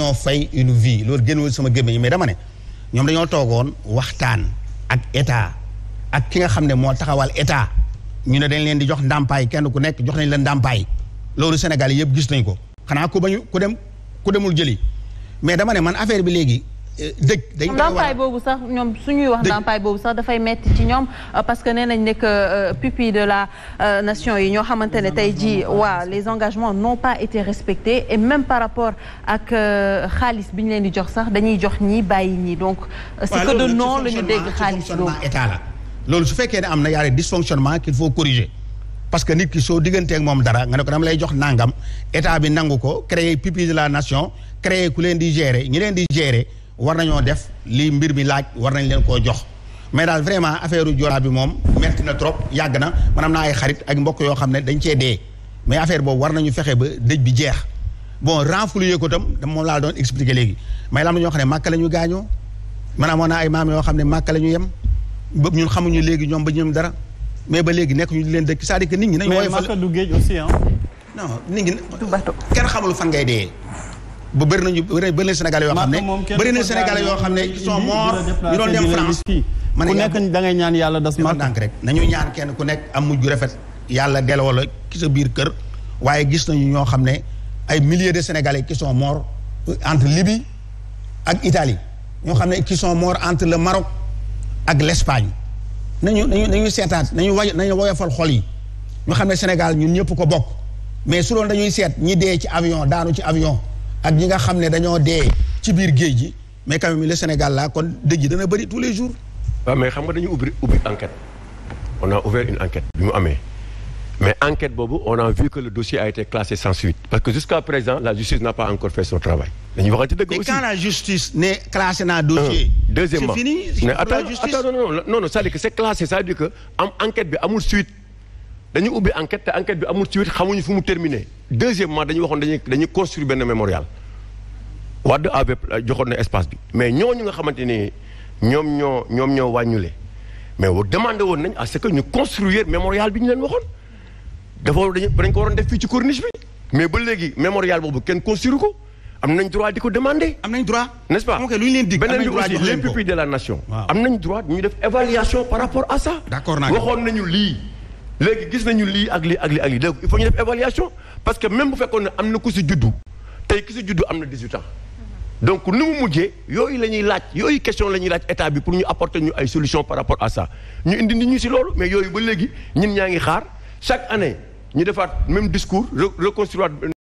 ñoo fay une loolu génnul sama gémmiñ mais dama ne ñoom dañoo toogoon waxtaan ak état ak ki nga xam ne moo taxawal état ñu ne dañ leen di jox ndàmpaay kenn ku nekk jox nañ leen ndàmpaay loolu Sénégal yëpp gis nañ ko xanaa ku bañu ku dem ku demul jëli mais dama ne man affaire bi léegi dëj dañ ndàmpaay boobu sax ñoom su ñuy wax ndàmpaay boobu sax dafay metti ci ñoom euh, parce que nee nañ nekk euh, pupille de la euh, nation yi ñoo xamante ne tey jii waa les engagements n'ont pas été respectés et même par rapport ak xaalis bi ñu leen di jox sax dañuy jox ñii bàyyi ñii donc c'est que de non la ñu dégg xaalis boobu état la loolu su fekkee ne am na y a des dysfonctionnements qu'il faut corriger parce que nit ki soo digganteeg moom dara nga ne ko dama lay jox nangam état bi nangu ko créer pupille de la nation créer ku leen di gérer ñi leen di gérer war nañoo def li mbir mi laaj war nañ leen koo jox mais daal vraiment affaire u Joola bi moom metti na trop yàgg na man am naa ay xarit ak mbokk yoo xam ne dañ cee dee mais affaire boobu war nañu fexe ba dëj bi jeex bon renflouer ko tam moom laa doon expliquer léegi may la am na ñoo xam ne màkk la ñu gaaño maanaam woon naa ay maam yoo xam ne màkk la ñu yem ba ñun xamuñu léegi ñoom ba ñoom dara mais ba léegi nekk ñu leen dëkk c'est-à-dire que nit ñi nañ wooye mais màkk du géej aussi ah kenn xamul fan ngay dee ba bëri nañu bëri na Sénégal yoo xam ne bëri na Sénégal yoo xam ne ils sont morts ñu doon dem France ma ne ku nekk da ñaan yàlla das ma ndànk rek ñaan kenn ku nekk am mujj rafet yàlla delloo la ki sa biir kër waaye gis nañu ñoo xam ne ay milliers de Sénégalais qui sont morts euh, entre Libye ak itali ñoo xam ne qui moor morts entre le Maroc ak l'Espagne nañu nañu nañu seetaat nañu wa nañu woyofal xol yi ñu xam ne Sénégal ñun ñëpp ko bokk mais su doon dañuy seet ñi dee ci avion daanu ci avion ak ñi nga xam ne dañoo dee ci biir géej gi mais quand même le Sénégal là kon dëj yi dana bari tous les jours. waaw ah, mais xam nga dañu ubbi ubbi enquête on a ouvert une enquête bi mu amee mais enquête boobu on a vu que le dossier a été classé sans suite parce que jusqu'à présent la justice n'a pas encore fait son travail. dañuy waxante dëgg aussi mais quand la justice ne classé naa dossier. deuxièmement c'est fini. mais attends, attends, non dire que c'est classé c'est-à-dire que am bi amul suite. dañu ubbi enquête te enquête bi amul suite xamuñu fu mu terminé deuxièmement dañu waxoon dañuy dañuy construire benn wax Wade avait euh, joxoon na espace bi mais ñooñu nga xamante ni ñoom ñoo ñoom ñoo wàññule mais demandé woon nañ à que ñu construire mémorial bi ñu leen waxoon dafa dañ ko waroon def fii ci corniche mais ba léegi mémorial boobu kenn construire ko am nañ droit di ko demander. am nañ droit nest pas. ok lu ñu leen dig beneen bi aussi les pupilles de la nation. am nañ droit ñu def évaluation par rapport à ça. d'accord naa waxoon nañu lii. léegi gis nañu lii ak li ak lii ak lii léegi il faut ñu def évaluation parce que même bu fekkoon ne am na ku si juddu tey ku si juddu am na 18 donc nu mu mujjee yooyu la ñuy laaj yooyu question la ñuy laaj état bi pour ñu apporter ñu ay solution par rapport à ça ñu indi nit ñu si loolu mais yooyu ba léegi ñun ñaa ngi xaar chaque année ñu defaat même discours reconstruire